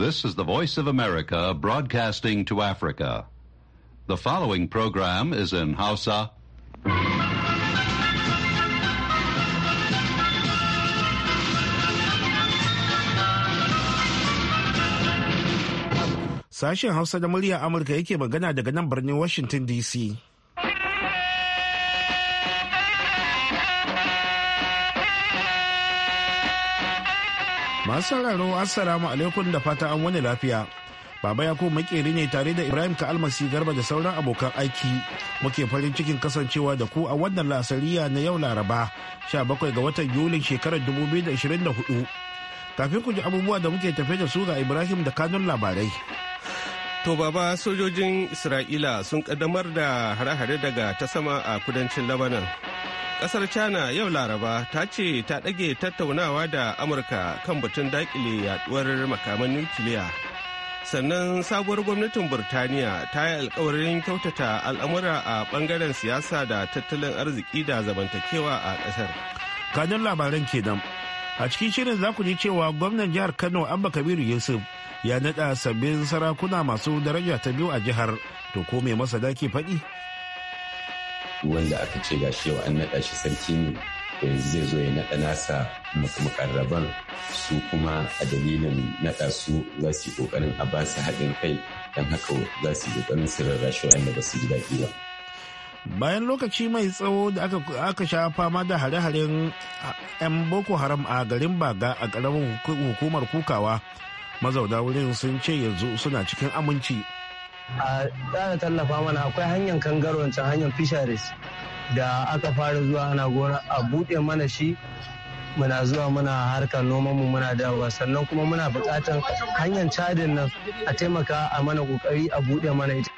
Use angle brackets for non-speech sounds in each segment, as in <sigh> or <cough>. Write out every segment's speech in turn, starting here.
This is the Voice of America broadcasting to Africa. The following program is in Hausa. Sashen Hausa da murya Amurka yake magana daga nan birnin Washington DC. Masu sauraro Assalamu alaikum da fata an wani lafiya. Baba Yakubu makeri ne tare da Ibrahim ka Ka'almasi Garba da sauran abokan aiki. Muke farin cikin kasancewa da ku a wannan lasariya na yau Laraba, 17 ga watan Yulin shekarar 2024. Kafin ku ji abubuwa da muke tafe da su ga Ibrahim da kanun labarai. To baba sojojin Isra'ila sun kaddamar da hare-hare daga ta sama a kudancin Lebanon. Kasar China yau Laraba ta ce ta ɗage tattaunawa da Amurka kan batun daƙile yaduwar makaman nukiliya. Sannan sabuwar gwamnatin Burtaniya ta yi alkawarin kyautata al'amura a bangaren siyasa da tattalin arziki da zamantakewa a ƙasar. Kanin labaran kenan. A cikin shirin za ku ji cewa gwamnan jihar Kano Abba Kabiru Yusuf ya naɗa sabbin sarakuna masu daraja ta biyu a jihar to ko mai masada ke faɗi? wanda aka ce ga shi an naɗa shi sarki ne to yanzu zai zo ya naɗa nasa mukarraban su kuma a dalilin naɗa su za su yi ƙoƙarin a ba su haɗin kai don haka za su yi ƙoƙarin su rarrashi wa'anda ba su ji daɗi ba. bayan lokaci mai tsawo da aka sha fama da hare-haren 'yan boko haram a garin baga a ƙaramin hukumar kukawa mazauna wurin sun ce yanzu suna cikin aminci a tsara tallafa mana akwai hanyar kangarwancin hanyar fisheries da aka fara zuwa ana gona a buɗe mana shi muna zuwa muna harkar noman mu muna dawowa sannan kuma muna buƙatar hanyar cadin nan a taimaka a mana ƙoƙari a buɗe mana ita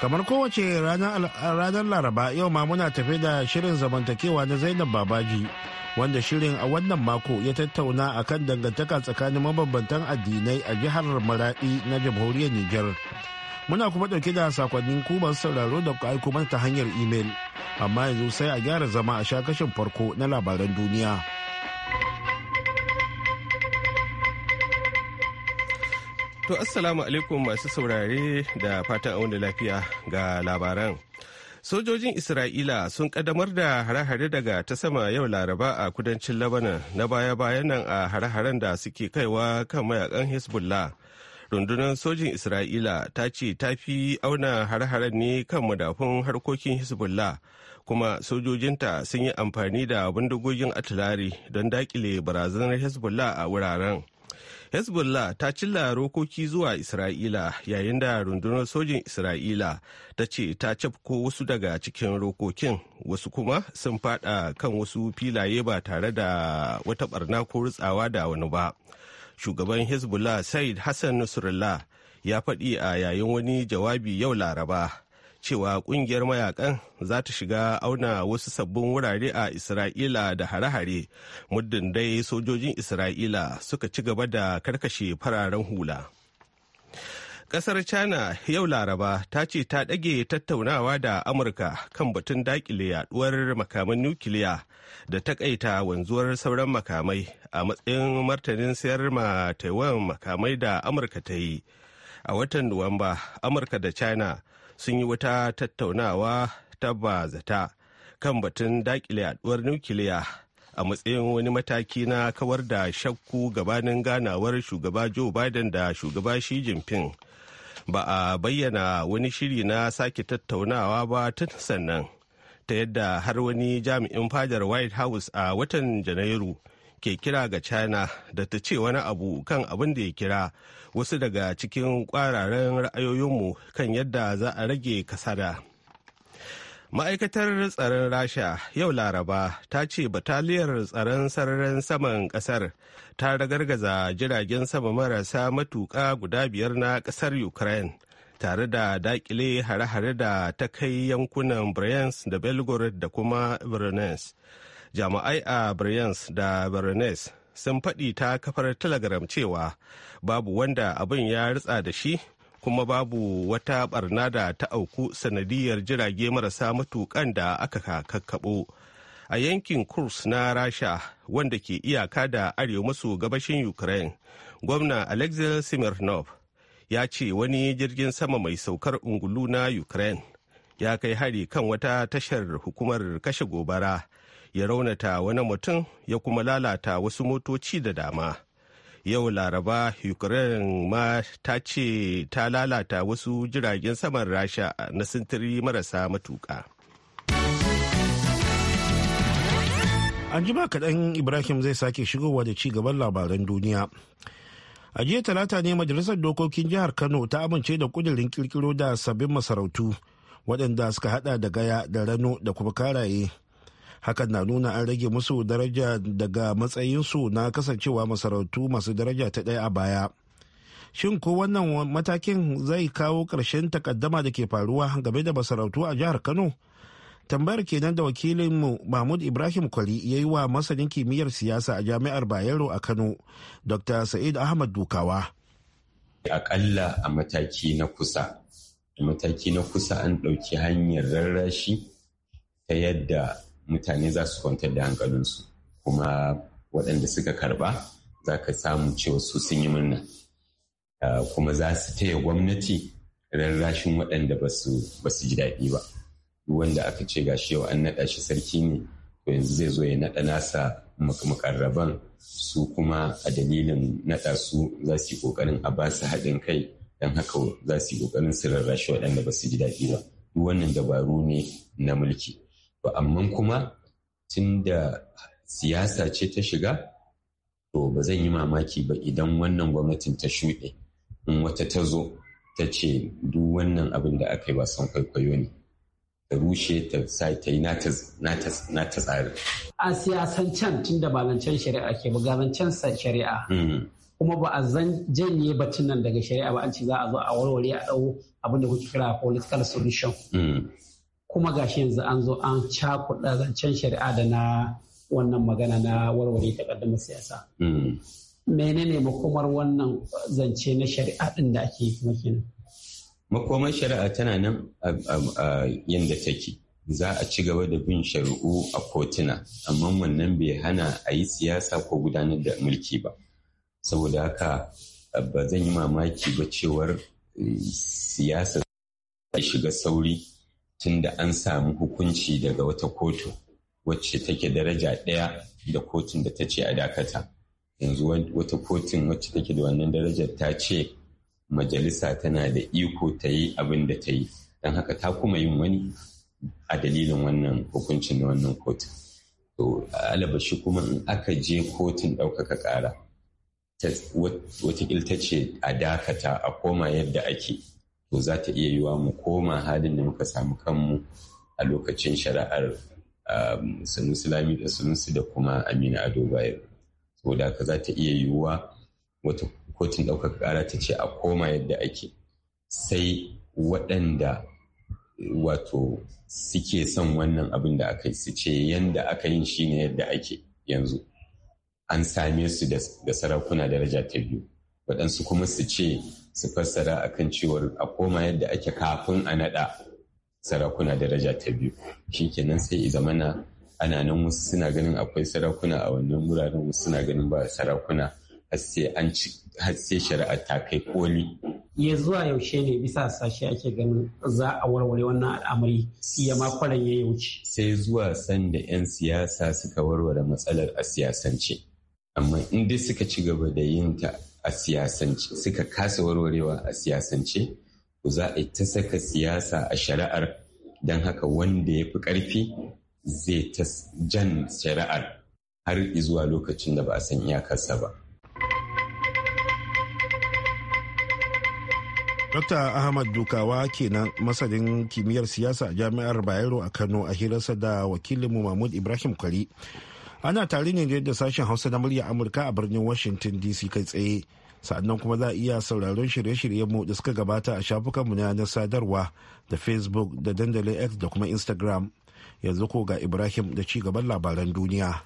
kamar kowace ranar laraba yau ma muna tafe da shirin zamantakewa na zainab babaji wanda shirin a wannan mako ya tattauna a kan dangantaka tsakanin mabambantan addinai a jihar maradi na jamhuriyar niger Muna kuma ɗauke da sakonnin ku sauraro da ku aiko mana ta hanyar imel. Amma yanzu sai a gyara zama a sha kashin farko na labaran duniya. To assalamu alaikum masu saurare da fatan auna lafiya ga labaran. Sojojin Isra'ila sun kaddamar da hare-hare daga ta sama yau Laraba a kudancin labanan na baya-bayan nan a hare-haren da suke kaiwa kan mayakan Hezbollah. rundunar sojin isra'ila ta ce ta fi auna har-haren ne kan madafun harkokin hezbollah kuma sojojinta sun yi amfani da bindigogin atilari don dakile barazanar hezbollah a wuraren hezbollah ta cilla rokoki zuwa isra'ila yayin da rundunar sojin isra'ila ta ce ta cafko wasu daga cikin rokokin wasu kuma sun fada kan wasu filaye ba tare da wata barna ko rutsawa da wani ba. shugaban hezbollah said hassan nasrallah ya faɗi a yayin wani jawabi yau laraba cewa ƙungiyar mayakan za ta shiga auna wasu sabbin wurare a isra'ila da hare-hare muddin dai sojojin isra'ila suka ci gaba da karkashe fararen hula Ƙasar china yau laraba ta ce ta ɗage tattaunawa da amurka kan batun dakile yaɗuwar makaman nukiliya da takaita wanzuwar sauran makamai a matsayin martanin sayar ma taiwan makamai da amurka ta yi a watan nuwamba amurka da china sun yi wata tattaunawa ta bazata kan batun dakile aduwar nukiliya a matsayin wani mataki na kawar da shakku gabanin ganawar shugaba joe biden da shugaba shi jinping ba a bayyana wani shiri na sake tattaunawa ba tun sannan ta yadda har wani jami'in fadar white house a watan janairu ke kira ga china da ta ce wani abu kan abin da ya kira wasu daga cikin kwararen ra'ayoyinmu kan yadda za a rage kasada ma'aikatar tsaron rasha yau laraba ta ce bataliyar tsaron sararin saman kasar ta ragargaza jiragen sama marasa matuka guda biyar na kasar ukraine tare da dakile hare-hare da ta kai yankunan brians da Belgorod da kuma Bryansk. Jami'ai a brian's da Bryansk sun faɗi ta kafar Telegram cewa babu wanda abin ya ritsa da shi kuma babu wata barna da ta auku sanadiyar jirage marasa matukan da aka kakkaɓo. a yankin kurs na rasha wanda ke iyaka da arewa maso gabashin ukraine gwamna alexei smirnov ya ce wani jirgin sama mai saukar ungulu na ukraine ya kai hari kan wata tashar hukumar kashe gobara ya raunata wani mutum ya kuma lalata wasu motoci da dama yau laraba ukraine ma ta ce ta lalata wasu jiragen saman rasha na sintiri marasa matuka an jima kaɗan ibrahim zai sake shigowa da ci gaban labaran duniya a jiya talata ne majalisar dokokin jihar kano ta amince da kudirin kirkiro da sabbin masarautu waɗanda suka hada da gaya da rano da kuma karaye hakan na nuna an rage musu daraja daga matsayinsu na kasancewa masarautu masu daraja ta ɗaya a baya shin ko wannan matakin zai kawo ƙarshen takaddama da ke faruwa game da masarautu a jihar kano tambayar kenan da wakilinmu mahmud ibrahim kwali ya yi wa masanin kimiyyar siyasa a jami'ar bayero a kano dr sa'id ahmad dukawa akalla a mataki na kusa a mataki na kusa an ɗauki hanyar rarrashi ta yadda mutane za su kwantar da hankalinsu kuma waɗanda suka karba za ka samu cewa su sun yi murna ah, kuma za su taya gwamnati rarrashin waɗanda ba su ji daɗi ba. wanda aka ce ga shi yau an naɗa shi sarki ne to yanzu zai zo ya naɗa nasa mukarraban su kuma a dalilin naɗa su za su yi ƙoƙarin a ba su haɗin kai don haka za su yi ƙoƙarin su rarrashi waɗanda ba su ji daɗi ba duk wannan dabaru ne na mulki to amma kuma tun da siyasa ce ta shiga to ba zan yi mamaki ba idan wannan gwamnatin ta shuɗe in wata ta zo ta ce duk wannan abin da aka yi wasan kwaikwayo ne ta rushe ta sai ta yi ta tsari. A siyasancen tun da ba shari'a ke ba ga shari'a. Mm. Kuma ba a janye batun nan daga shari'a ba an ce za a zo a warware a ɗau abin da kuke kira political solution. Mm. Kuma gashi yanzu an zo an cakuɗa zancen shari'a da na wannan magana na warware ta ƙaddamar siyasa. Mm. Menene makomar wannan zance na shari'a ɗin da ake yi makomar shari'a tana nan a yadda take za a ci gaba da bin shari'u a kotuna amma wannan bai hana a yi siyasa ko gudanar da mulki ba saboda haka ba zan yi mamaki ba cewar eh, siyasa ta shiga sauri tun da an samu hukunci daga wata kotu wacce take daraja ɗaya da kotun da ta ce a dakata yanzu wata kotun wacce take da wannan darajar ta ce majalisa tana da iko ta yi abin da ta yi don haka ta kuma yin wani a dalilin wannan hukuncin na wannan kotu. to alabashi kuma in aka je kotun ɗaukaka ƙara watakil ta ce a dakata a koma yadda ake to za ta iya yiwa mu koma halin da muka samu kanmu a lokacin shari'ar um, su lami da sunusu da kuma amina ado bayan saboda haka za ta iya yiwuwa wata kotun ɗaukar ƙara ta ce a koma yadda ake sai waɗanda wato suke son wannan abin da aka yi su ce yadda aka yin shi ne yadda ake yanzu an same su da sarakuna daraja ta biyu waɗansu kuma su ce su fassara akan cewar a koma yadda ake kafin a naɗa sarakuna daraja ta biyu kenan sai i zamana ana nan wasu suna ganin akwai sarakuna a wannan wuraren wasu suna ganin ba sarakuna har sai shari'a ta kai koli. ya zuwa yaushe ne bisa sashe ake ganin za a warware wannan al'amari ma makwaran ya wuce. sai zuwa sanda 'yan siyasa suka warware matsalar a siyasance amma in suka ci gaba da yin ta a siyasance suka kasa warwarewa a siyasance ku za a ta saka siyasa a shari'ar don haka wanda ya fi ƙarfi zai ta jan shari'ar har zuwa lokacin da ba a san iyakarsa ba. Dr. Ahmad Dukawa kenan masanin kimiyyar siyasa a Jami'ar Bayero a Kano a hirarsa da wakilinmu Mahmud Ibrahim Kwari. Ana tare ne da sashen Hausa na murya Amurka a birnin Washington DC kai tsaye. Sa'annan kuma za a iya sauraron shirye shiryen mu da suka gabata a shafukanmu na yanar sadarwa da Facebook da dandalin X da kuma Instagram. Yanzu ko ga Ibrahim da ci gaban labaran duniya.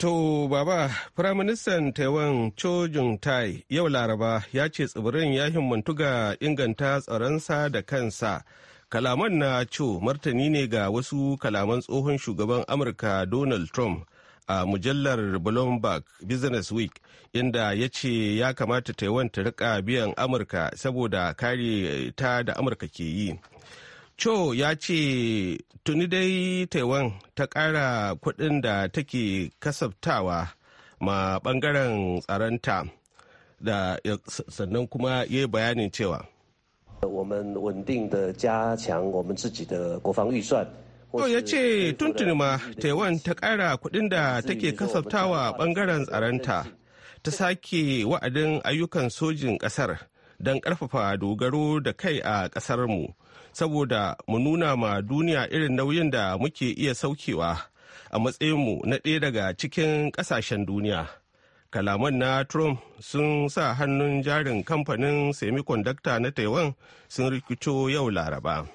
To, Baba, Firaministan Taiwan Cho Jung Tai yau Laraba ya ce tsibirin ya himmantu ga inganta tsaronsa da kansa. Kalaman na Cho martani ne ga wasu kalaman tsohon shugaban Amurka Donald Trump a mujallar Bloomberg Business Week, inda ya ce ya kamata Taiwan ta riƙa biyan Amurka saboda kare ta da Amurka ke yi. Cho ya ce tuni dai Taiwan ta kara kuɗin da take kasaftawa ma ɓangaren tsaronta da sannan kuma ya yi bayanin cewa. To ya ce tuntuni ma Taiwan ta ƙara kuɗin da take kasaftawa ɓangaren tsaronta ta sake wa'adin ayyukan sojin ƙasar don ƙarfafa dogaro da kai a ƙasarmu. mu. saboda mu nuna ma duniya irin nauyin da muke iya saukewa a matsayinmu na ɗaya daga cikin ƙasashen duniya. Kalaman na Trump sun sa hannun jarin kamfanin semiconductor na Taiwan sun rikito yau Laraba.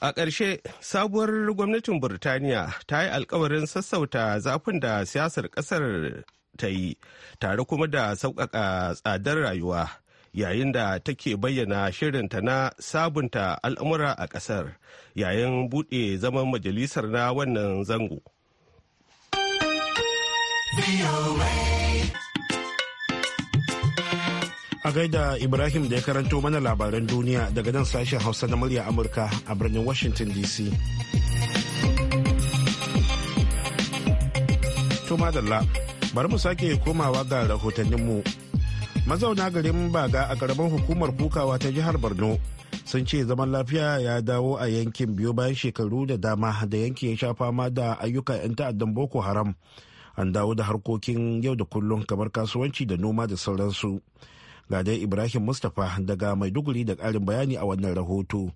A ƙarshe, sabuwar gwamnatin Burtaniya ta yi alkawarin sassauta zafin da siyasar ƙasar ta yi, tare kuma da sauƙaƙa tsadar rayuwa. yayin da take bayyana shirinta na sabunta al'amura a ƙasar yayin buɗe zaman majalisar na wannan zango. A gaida Ibrahim da ya karanto mana labaran duniya daga nan sashen Hausa na murya Amurka a birnin Washington DC. To bari mu sake komawa ga rahotanninmu. mu. mazauna garin baga a karamar hukumar kukawa ta jihar borno sun ce zaman lafiya ya dawo a yankin biyu bayan shekaru da dama da yanki ya sha fama da ayyuka 'yan ta'addan boko haram an dawo da harkokin yau da kullum kamar kasuwanci da noma da sauransu ga dai ibrahim mustapha daga maiduguri da ƙarin bayani a wannan rahoto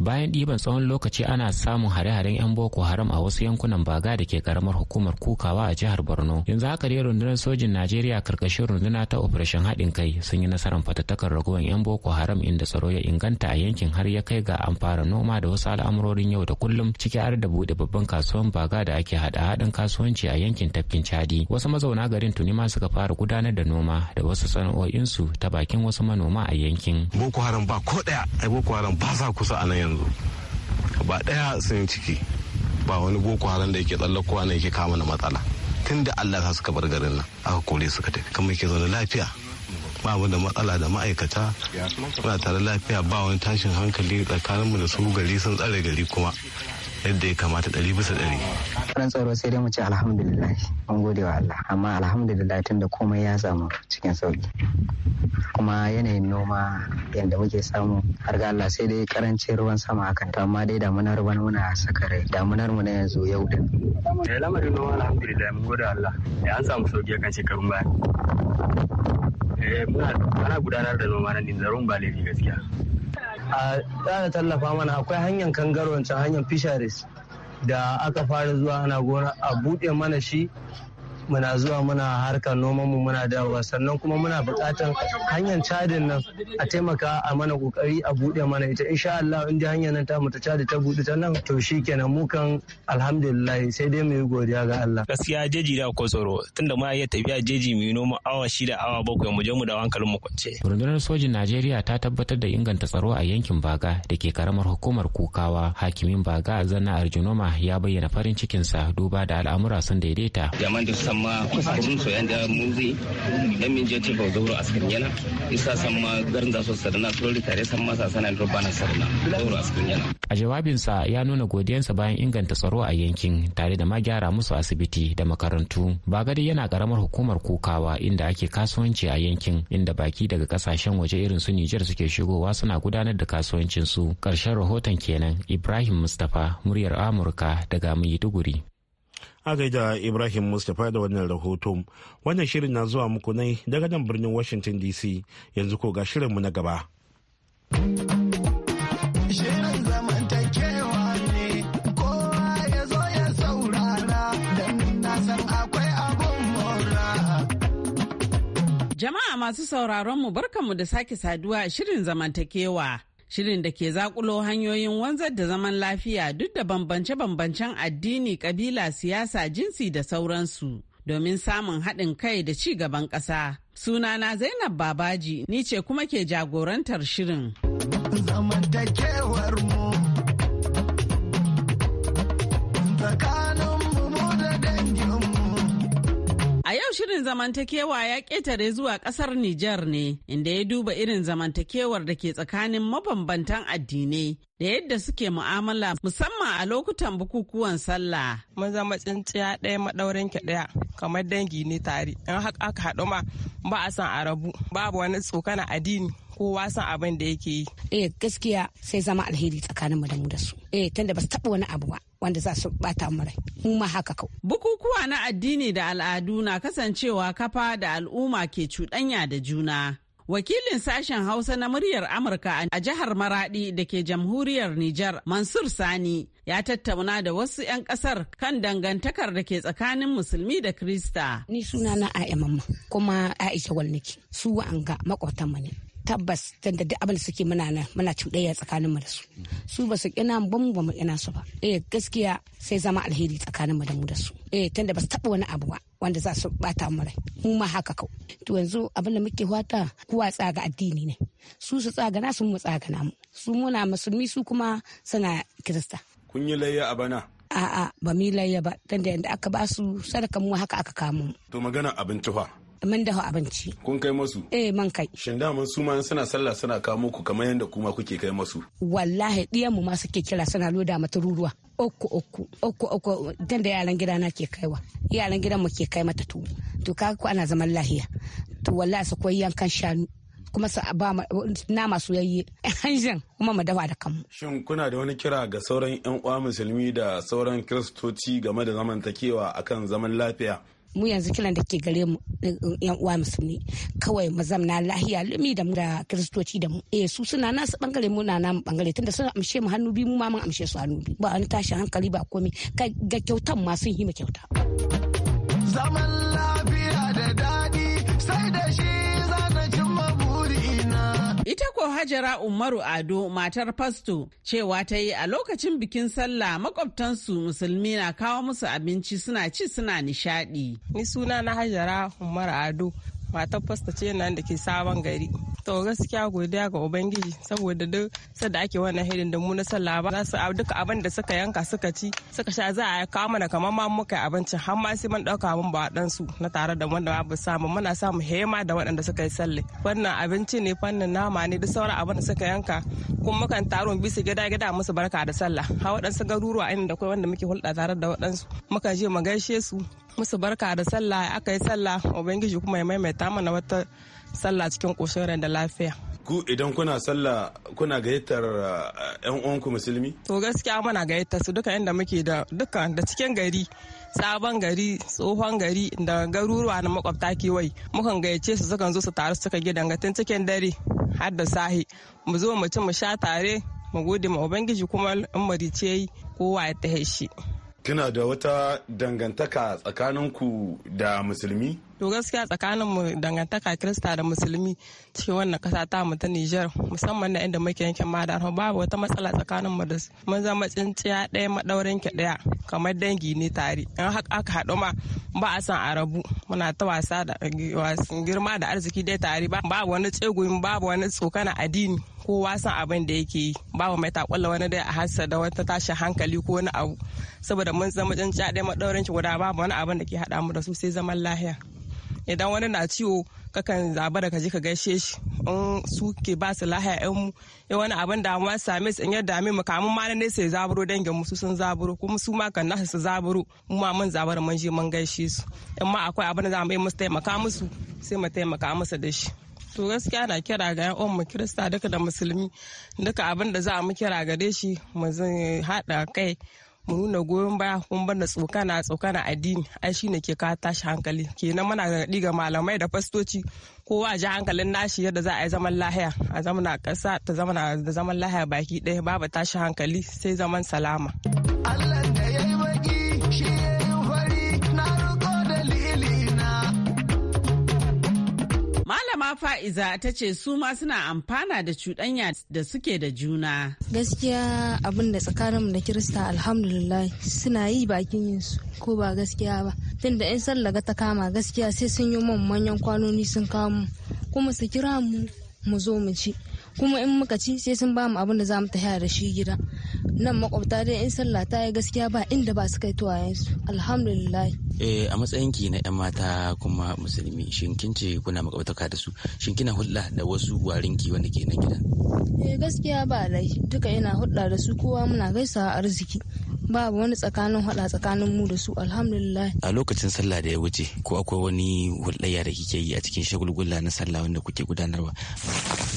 bayan ɗiban tsawon lokaci ana samun hare-haren 'yan boko haram a wasu yankunan baga da ke karamar hukumar kukawa a jihar borno yanzu haka dai rundunar sojin najeriya karkashin runduna ta operation haɗin kai sun yi nasarar fatattakar ragowar 'yan boko haram inda tsaro ya inganta a yankin har ya kai ga an fara noma da wasu al'amurorin yau da kullum ciki har da buɗe babban kasuwan baga da ake haɗa haɗin kasuwanci a yankin tafkin chadi wasu mazauna garin tuni ma suka fara gudanar da noma da wasu sana'o'insu ta bakin wasu manoma a yankin boko haram ba ko ɗaya ai boko haram ba sa kusa a nan yanzu ba ɗaya sun ciki ba wani boko haram da yake tsallakowa ne yake kama na matsala tun da allah ta suka bar garin nan aka kore suka tafi kamar ke zaune lafiya ba mu da matsala da ma'aikata ba tare lafiya ba wani tashin hankali tsakaninmu da su gari sun tsare gari kuma yadda ya kamata ɗari bisa ɗari. Karan tsaro sai dai mu ce alhamdulillah an gode wa Allah amma alhamdulillah tun da komai ya samu cikin sauki. Kuma yanayin noma yadda muke samu har ga Allah sai dai karancin ruwan sama akan to amma dai damunar ruwan muna saka rai damunar mu na yanzu yau din. Eh lamarin noma alhamdulillah mun gode Allah ya eh, an samu sauki akan shekarun baya. Eh muna ana gudanar da noma nan din ba laifi gaskiya. a tsara tallafa mana akwai hanyar kangaro wancan hanyar fisheries da aka fara zuwa ana gona a buɗe mana shi muna zuwa muna harkar noman mu muna dawowa sannan kuma muna bukatar hanyar cadin nan a taimaka a mana kokari a buɗe mana ita insha Allah in hanyar nan ta mu ta cadi ta buɗe ta nan to kenan mu kan alhamdulillah sai dai mu yi godiya ga Allah gaskiya jeji da ko tsoro tunda ma iya tafiya jeji mu noma awa shida awa bakwai mu je mu da hankalin mu kwance rundunar sojin Najeriya ta tabbatar da inganta tsaro a yankin Baga da ke karamar hukumar Kukawa hakimin Baga Zanna Arjunoma ya bayyana farin cikinsa duba da al'amura sun daidaita. Yaman da samma kusurin soyan da muzi idan min ba zauro yana isa ma garin zasu tare rubana sarna zauro yana a jawabinsa ya nuna godiyansa bayan inganta tsaro a yankin tare da ma gyara musu asibiti da makarantu bagade yana karamar hukumar kokawa inda ake kasuwanci a yankin inda baki daga kasashen waje irin su Nijar suke shigowa suna gudanar da kasuwancin su karshen rahoton kenan Ibrahim Mustapha muryar Amurka daga Maiduguri a gaida ibrahim mustapha da wannan rahoton wannan shirin na zuwa muku ne daga nan birnin washington dc yanzu ko ga shirinmu na gaba Jama'a masu sauraron mu barkanmu da sake saduwa a shirin zamantakewa shirin da ke zakulo hanyoyin wanzar da zaman lafiya duk da bambance-bambancen addini kabila siyasa jinsi da sauransu domin samun haɗin kai da ci gaban ƙasa sunana zainab babaji ni ce kuma ke jagorantar shirin zamantakewar mu yau shirin zamantakewa ya ƙetare zuwa ƙasar Nijar ne, inda ya duba irin zamantakewar da ke tsakanin mabambantan addinai da yadda suke mu'amala musamman a lokutan bukukuwan sallah. Mun zama tsintsiya ɗaya maɗaurin ki ɗaya kamar dangi ne tare. In haka aka haɗu ma ba a san arabu babu wani tsokana addini kowa san abin da yake yi. Eh gaskiya sai zama alheri tsakanin mu da mu da su. Eh tunda ba su taɓa wani abu ba. wanda za su bata mu rai mu ma haka kau bukukuwa na addini da al'adu na kasancewa kafa da al'umma ke cuɗanya da juna wakilin sashen hausa na muryar amurka a jihar maradi da ke jamhuriyar nijar mansur sani ya tattauna da wasu 'yan kasar kan dangantakar da ke tsakanin musulmi da krista ni suna na aya kuma aisha walniki su an ga makwatan ne tabbas tanda da abin suke muna nan muna cuɗayya tsakanin mu da su su ba su ina ba mu ba mu ina su ba eh gaskiya sai zama alheri tsakanin mu da mu da su eh tunda ba su taba wani abu ba wanda za su bata mu rai mu ma haka kau to yanzu abin da muke hwata kuwa tsaga addini ne su su tsagana su mu tsagana mu su muna musulmi su kuma suna kirista kun yi layya a bana a'a ba mu layya ba tunda yanda aka ba su sadaka mu haka aka kamo to magana abin tufa. mun dafa abinci kun kai masu eh man kai shin daman su ma suna sallah suna kawo muku kamar yadda kuma kuke kai masu wallahi ɗiyan mu ma suke kira suna loda mata ruruwa uku uku uku uku dan da yaran gidana ke kaiwa yaran gidan mu ke kai mata tuwo to ka ko ana zaman lahiya to wallahi su koyi yankan shanu kuma su ba nama soyayye hanjin <laughs> kuma mu dafa da kanmu. Shin kuna da wani kira ga sauran 'yan uwa musulmi da sauran kiristoci game da zamantakewa akan zaman lafiya mu yanzu kiran da ke gare mu eh, yan uwa musulmi kawai mazam na lahiya lumi da mu da kiristoci da mu eh su suna nasu bangare mu na namu bangare tunda suna amshe mu hannu biyu mu ma mun amshe su hannu biyu ba wani tashin hankali ba komai kai ga kyautan ma sun yi mu kyauta zaman lafiya da Ita ko Hajara Umaru Ado matar fasto cewa ta yi a lokacin bikin sallah makwabtansu musulmi na kawo musu abinci suna ci suna nishaɗi. Ni suna na Hajara Umaru Ado matar fasta ce nan da ke sabon gari to gaskiya godiya ga ubangiji saboda duk sadda ake wannan hidin da mu na sallah ba za su duka abin da suka yanka suka ci suka sha za a kawo mana kamar ma muka yi abinci har ma sai mun dauka mun ba dan su na tare da wanda ba samu muna samu hema da waɗanda suka yi sallah wannan abinci ne fannin nama ne duk sauran abin da suka yanka kuma mukan taro bisa gida gida musu barka da sallah har waɗansu garuruwa inda akwai wanda muke hulɗa tare da waɗansu muka je mu gaishe su musu barka da sallah aka yi sallah ubangiji kuma ya maimaita mana wata sallah cikin ƙoshin rai da lafiya ku idan kuna sallah kuna gayyatar yan eh, uwanku musulmi to gaskiya muna gayyatar su duka inda muke da duka da cikin gari sabon gari tsohon gari da garuruwa na makwabta wai mukan gayyace su sukan zo su taru suka gidan gatin cikin dare har da sahi mu zo mu ci mu sha tare mu gode ma ubangiji kuma in marice kowa ya tahe shi kina da wata dangantaka tsakaninku da musulmi to gaskiya tsakanin mu dangantaka kirista da musulmi cikin wannan kasa ta mu ta Niger musamman na inda muke yankin Madar babu wata matsala tsakanin mu da mun zama tsintsiya ɗaya madaurin ki ɗaya kamar dangi ne tare in haka aka haɗu ma ba a san arabu muna ta wasa da girma da arziki dai tare babu wani tseguyin babu wani tsokana addini kowa san abin da yake yi babu mai takwalla wani dai a hasa da wata tashin hankali ko wani abu saboda mun zama tsintsiya ɗaya madaurin ki guda babu wani abin da ke haɗa mu da su sai zaman lahiya idan wani na ciwo kakan zaba da kaji ka gaishe shi in su ke ba su lahaya yan mu ya wani abin da ma same su in yadda dame mu kamun ma ne sai zaburo dangin mu su sun zaburo kuma su ma kan nasu su zaburo mu ma mun zabar mun je mun gaishe su in ma akwai abin da za mu yi musu taimaka musu sai mu taimaka musu da shi to gaskiya na kira ga yan uwan mu kirista duka da musulmi duka abin da za mu kira gare shi mu haɗa kai mu nuna goyon baya kuma na tsokana tsokana addini ai shine ke ka tashi hankali kenan muna gargaɗi ga malamai da fastoci kowa ji hankalin nashi yadda za a yi zaman lahiya a zamana kasa ta zamana da zaman lahiya baki ɗaya babu tashi hankali sai zaman salama. Allah Malama Fa'iza ta ce su ma suna amfana da cuɗanya da suke da juna. Gaskiya abin da tsakaninmu da Kirista alhamdulillah suna yi bakin yin su ko ba gaskiya ba. Tun da 'yan sallaga ta kama gaskiya sai sun yi mun manyan kwanoni sun kamu kuma su kira mu mu zo mu ci. kuma in muka ci sai sun ba mu abin da za mu ta da shi gida nan makwabta dai in sallah ta yi gaskiya ba inda ba su kai tuwayensu alhamdulillah eh, a matsayin ki na yan mata kuma musulmi shin kin ce kuna makwabtaka da su shin kina hulɗa da wasu warin ki wanda ke nan gidan eh gaskiya ba lai duka ina hulɗa da su kowa muna gaisawa arziki babu wani tsakanin hada tsakanin mu da su alhamdulillah a lokacin sallah da ya wuce ko akwai wani hulɗayya da kike yi a cikin shagulgula na sallah wanda kuke gudanarwa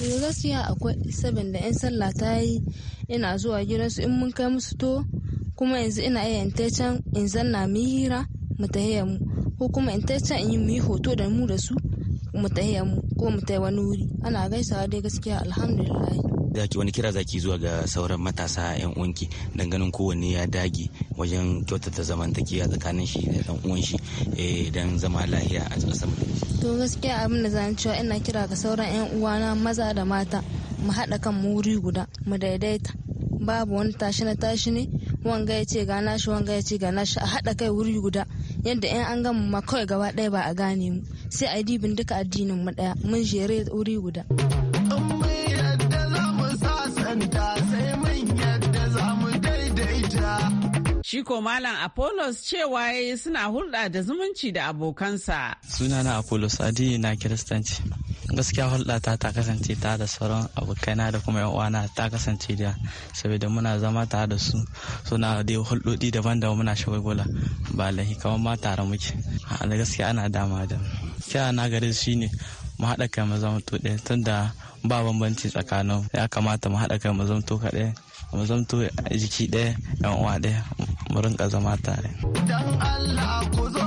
to gaskiya akwai saboda yan sallah ta yi ina zuwa gidansu in mun kai musu to kuma yanzu ina iya in ta can in zanna mu hira mu mu ko kuma in ta can in yi mu yi hoto da mu da su mu tahiya mu ko mu wani wuri ana gaisawa dai gaskiya alhamdulillah zaki wani kira zaki zuwa ga sauran matasa yan uwanki dan ganin kowanne ya dage wajen kyautata zamantakewa tsakanin shi da dan uwan shi eh, dan zama lahiya a ƙasar to gaskiya abin da zan cewa ina kira ga sauran yan uwana maza da mata mu haɗa kan mu wuri guda mu daidaita babu wani tashi na tashi ne wanga ya ce ga nashi wanga ya ce ga nashi a haɗa kai wuri guda yadda yan an gama ma kawai gaba ɗaya ba a gane mu sai a yi dibin duka addinin mu ɗaya mun jere wuri guda. kanta sai mun yadda za mu daidaita. Shi ko Malam Apollos cewa ya suna hulɗa da zumunci da abokansa. Sunana Apollos addini na Kiristanci. gaskiya hulɗa ta ta kasance ta da sauran abokaina da kuma uwana ta kasance da saboda muna zama tare da su suna da hulɗoɗi daban da muna shagulgula ba lahi kamar ma tare muke da gaskiya ana dama da na gari shi mu haɗa kai mu zama tuɗe tun da ba bambanci tsakanin ya kamata mu haɗa kai mu zamto kaɗai mu zamto jiki ɗaya yan uwa ɗaya mu rinka zama tare. Dan Allah ku zo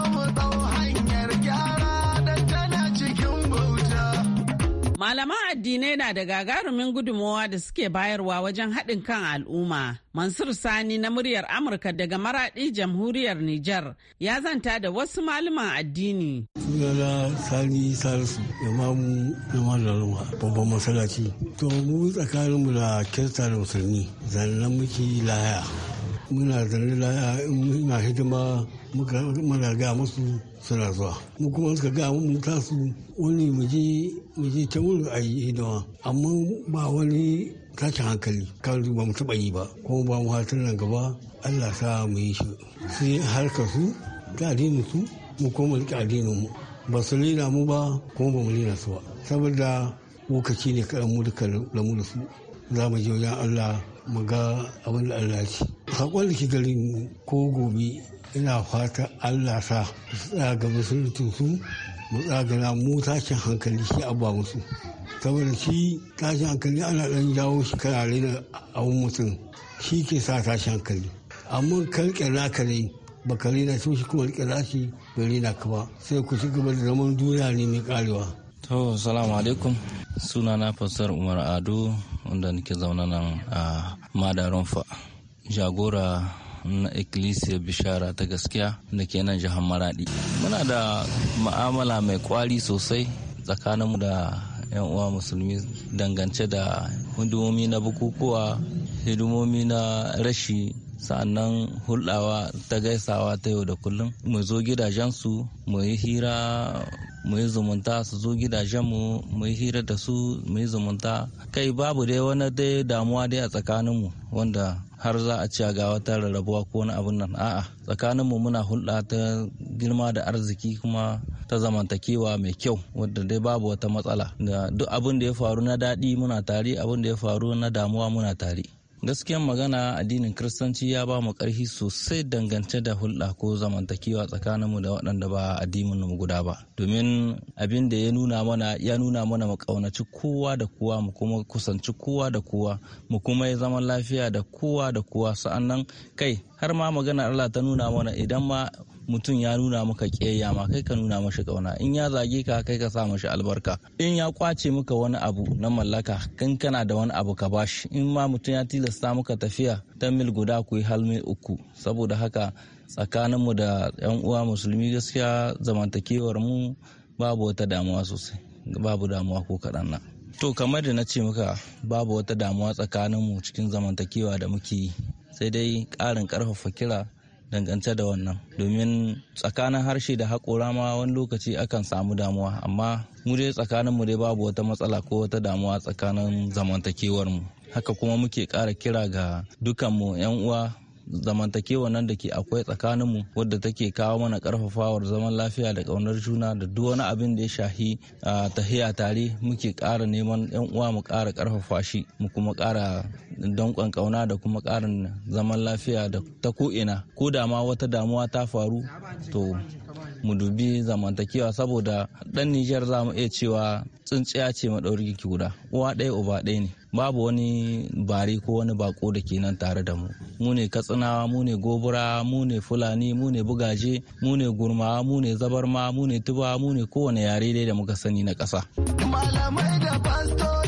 Malaman addinai na da gagarumin gudummawa da suke bayarwa wajen haɗin kan al'umma. Mansur Sani na muryar Amurka daga maraɗi jamhuriyar Nijar ya zanta da wasu malaman addini. Sunana Sani Salisu, imamu da Laruma, babban masallaci. To mu tsakaninmu da Kirista da Musulmi, zanen muke laya. Muna zanen laya in muna hidima muka ga musu suna zuwa mu kuma suka ga ta su wani mu je ta wurin a yi amma ba wani tashin hankali kan ba mu taɓa yi ba kuma ba mu hatar nan gaba Allah sa mu yi shi sai harka su ta addinin su mu kuma riƙe addinin mu ba su lena mu ba kuma ba mu lena su ba saboda lokaci ne kaɗan mu duka da mu da su za mu je wajen Allah mu ga abin da Allah ce. Sakon da garin ko gobe ina fata Allah sa su tsaga musulutun su mu tsagana mu tashin hankali shi abba musu. Saboda shi tashin hankali ana dan jawo shi karare da abin mutum shi ke sa tashin hankali. Amma karƙe ka ne baka rena so shi kuma riƙe nashi bai rena ka ba sai ku ci gaba da zaman duniya ne mai karewa. To, salamu alaikum. Suna na Fasar Umar Ado wanda nake zauna nan a Fa. Jagora na Ecclesia Bishara ta gaskiya da ke nan jihar Maradi. Muna da ma'amala mai kwari sosai tsakaninmu da 'yan uwa musulmi dangance da hidimomi na bukukuwa, hidimomi na rashi sa'annan hulɗawa ta gaisawa ta yau da kullum mu zo gidajensu mu yi hira mu yi zumunta su zo gidajenmu mu yi hira da su mu yi zumunta kai babu dai wani dai damuwa dai a tsakaninmu wanda har za a ci ga wata rarrabuwa ko wani abin nan a'a tsakaninmu muna hulɗa ta girma da arziki kuma ta zamantakewa mai kyau wadda dai babu wata matsala da duk abin da ya faru na daɗi muna tare abin da ya faru na damuwa muna tare gaskiyan magana addinin kiristanci ya ba mu ƙarfi sosai dangance da hulɗa ko zamantakewa tsakaninmu da waɗanda ba addinin mu guda ba domin abin da ya nuna mana ya nuna mana mu ƙaunaci kowa da kowa mu kuma kusanci kowa da kowa mu kuma yi zaman lafiya da kowa da kowa sa'annan kai har ma magana Allah ta nuna mana idan ma mutum ya nuna maka ƙeya ma kai ka nuna mashi kauna in ya zage ka kai ka sa mashi albarka in ya kwace maka wani abu na mallaka kan kana da wani abu ka bashi in ma mutum ya tilasta maka tafiya ta mil guda ku yi mil uku saboda haka tsakaninmu da 'yan uwa musulmi gaskiya zamantakewar mu babu wata damuwa sosai babu damuwa ko kaɗan nan to kamar da na ce maka babu wata damuwa tsakaninmu cikin zamantakewa da muke yi sai dai ƙarin ƙarfafa kira dangance da wannan domin tsakanin harshe da haƙora ma wani lokaci akan samu damuwa amma mu dai tsakanin mu dai babu wata matsala ko wata damuwa tsakanin zamantakewar mu haka kuma muke ƙara kira ga dukanmu 'yan uwa zamantakewa nan da ke akwai tsakaninmu wadda take kawo mana karfafawar zaman lafiya da kaunar juna da duk wani abin da ya shahi a tahiya tare muke kara neman yan uwa mu ƙara karfafa shi mu kuma ƙara danƙon kauna da kuma ƙarin zaman lafiya da ta ko'ina ko da ma wata damuwa ta faru to mu dubi zamantakewa saboda ɗan Nijar za mu iya cewa tsuntsiya ce maɗaurin ki guda uwa ɗaya uba ɗaya ne babu wani bari ko wani bako da ke nan tare da mu mu ne katsinawa mu ne gobura mu ne fulani mu ne bugaje mu ne gurmawa mu ne zabarma mu ne tuba mu ne kowane yare dai da muka sani na ƙasa malamai da pastor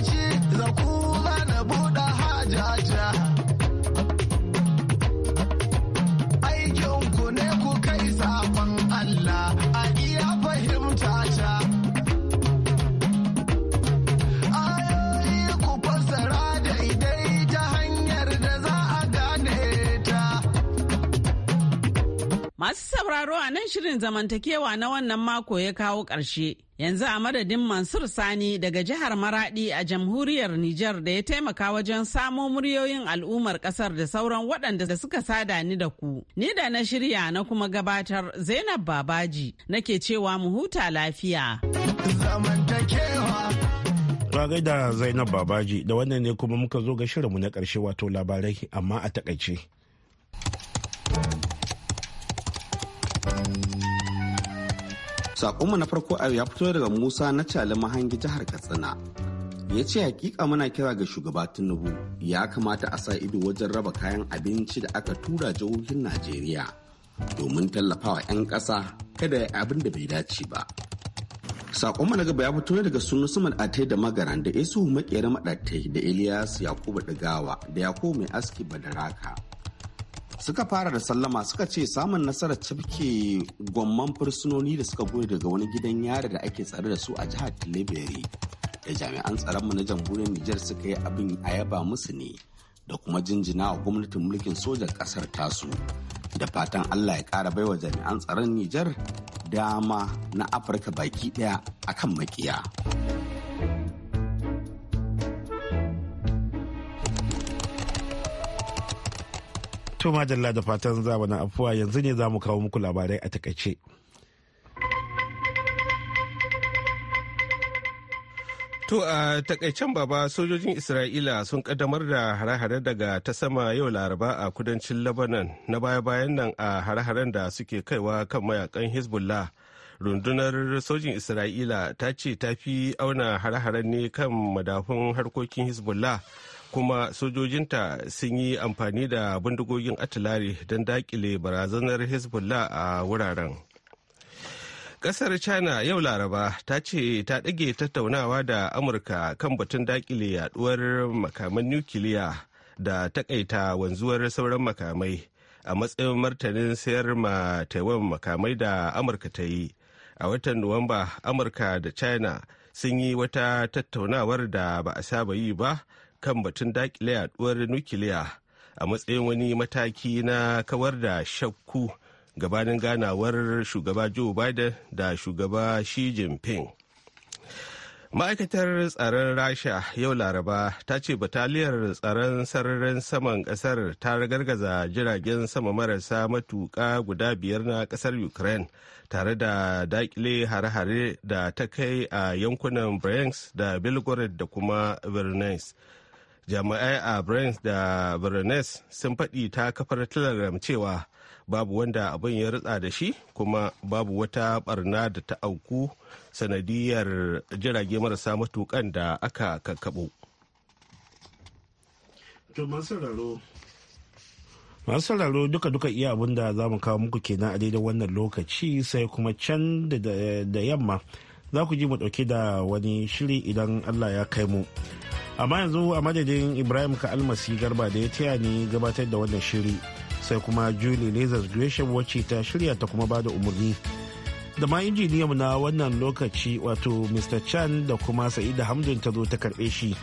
Masu sauraro a nan shirin zamantakewa na wannan mako ya kawo ƙarshe. Yanzu a madadin Mansur Sani daga jihar Maradi a jamhuriyar Nijar da ya taimaka wajen samo muryoyin al'ummar ƙasar da sauran waɗanda da suka sada ni da ku. Ni da na shirya na kuma gabatar Zainab Babaji nake cewa mu huta lafiya. Ragai da Zainab Babaji da wannan ne kuma muka zo ga shirinmu na ƙarshe wato labarai amma a takaice. Sakonmu na farko a ya fito daga Musa na Cali Mahangi jihar Katsina. Ya ce hakika muna kira ga shugaba Tinubu ya kamata a sa ido wajen raba kayan abinci da aka tura jihohin Najeriya domin tallafawa 'yan ƙasa kada abin da bai dace ba. Sakon na gaba ya fito daga sunu saman atai da magaran da Isu makera madatai da iliyas Yakubu Dagawa da Yakubu mai aski badaraka suka fara da sallama suka ce samun nasarar cafke gwamman fursunoni da suka goyi daga wani gidan yari da ake tsare da su a jihar Liberi da jami'an tsaronmu na jamhuriyar Nijar suka yi abin a yaba musu ne da kuma jinjina wa gwamnatin mulkin sojan kasar tasu da fatan Allah ya kara baiwa jami'an tsaron Nijar dama na Afirka baki ɗaya akan makiya. To majalla da fatan za na afuwa yanzu ne za mu kawo muku labarai a takaice. To a takaicen baba sojojin Isra'ila sun kaddamar da hare-hare daga ta sama yau laraba a kudancin Lebanon na baya-bayan nan a hare-haren da suke kaiwa kan mayakan Hezbollah. Rundunar sojin Isra'ila ta ce ta fi auna hare-haren ne kan madafun harkokin Hezbollah kuma sojojinta sun yi amfani da bindigogin atilari don dakile barazanar hezbollah a wuraren kasar china yau laraba ta ce ta ɗage tattaunawa da amurka kan batun dakile yaduwar makaman nukiliya da takaita wanzuwar sauran makamai a matsayin martanin sayar ma taiwan makamai da amurka ta yi a watan nuwamba amurka da china sun yi wata tattaunawar da ba a saba yi ba kan batun dakile yaduwar nukiliya a matsayin wani mataki na kawar da shakku gabanin ganawar shugaba joe biden da shugaba xi jinping ma'aikatar tsaron rasha yau laraba ta ce bataliyar tsaron sararin saman kasar ta ragargaza jiragen sama marasa matuka guda biyar na kasar ukraine tare da dakile hare-hare da ta kai a yankunan bryansk da belgorod da kuma vilnius jami'ai a brains da berenice sun faɗi ta kafar telegram cewa babu wanda abin ya ritsa da shi kuma babu wata barna da ta auku sanadiyar jirage marasa matukan da aka kakkaɓo. masu sauraro duka-duka iya abin da za mu kawo muku kenan a daidai wannan lokaci sai kuma can da yamma za ku ji mu dauke da wani shiri idan allah ya kai mu. amma yanzu a madadin ibrahim ka almasi garba da ya taya ni gabatar da wannan shiri sai kuma julie lezers gresham wacce ta shirya ta kuma bada umarni da ma injiniyam na wannan lokaci wato mr chan da kuma sa'ida hamdun ta zo ta karbe shi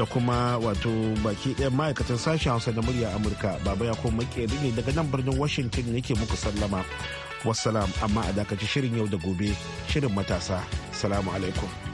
da kuma wato baki ɗayan ma'aikatan sashen hausa da murya amurka baba ya kuma makeri ne daga nan birnin washington yake muku sallama wassalam amma a dakaci shirin yau da gobe shirin matasa salamu alaikum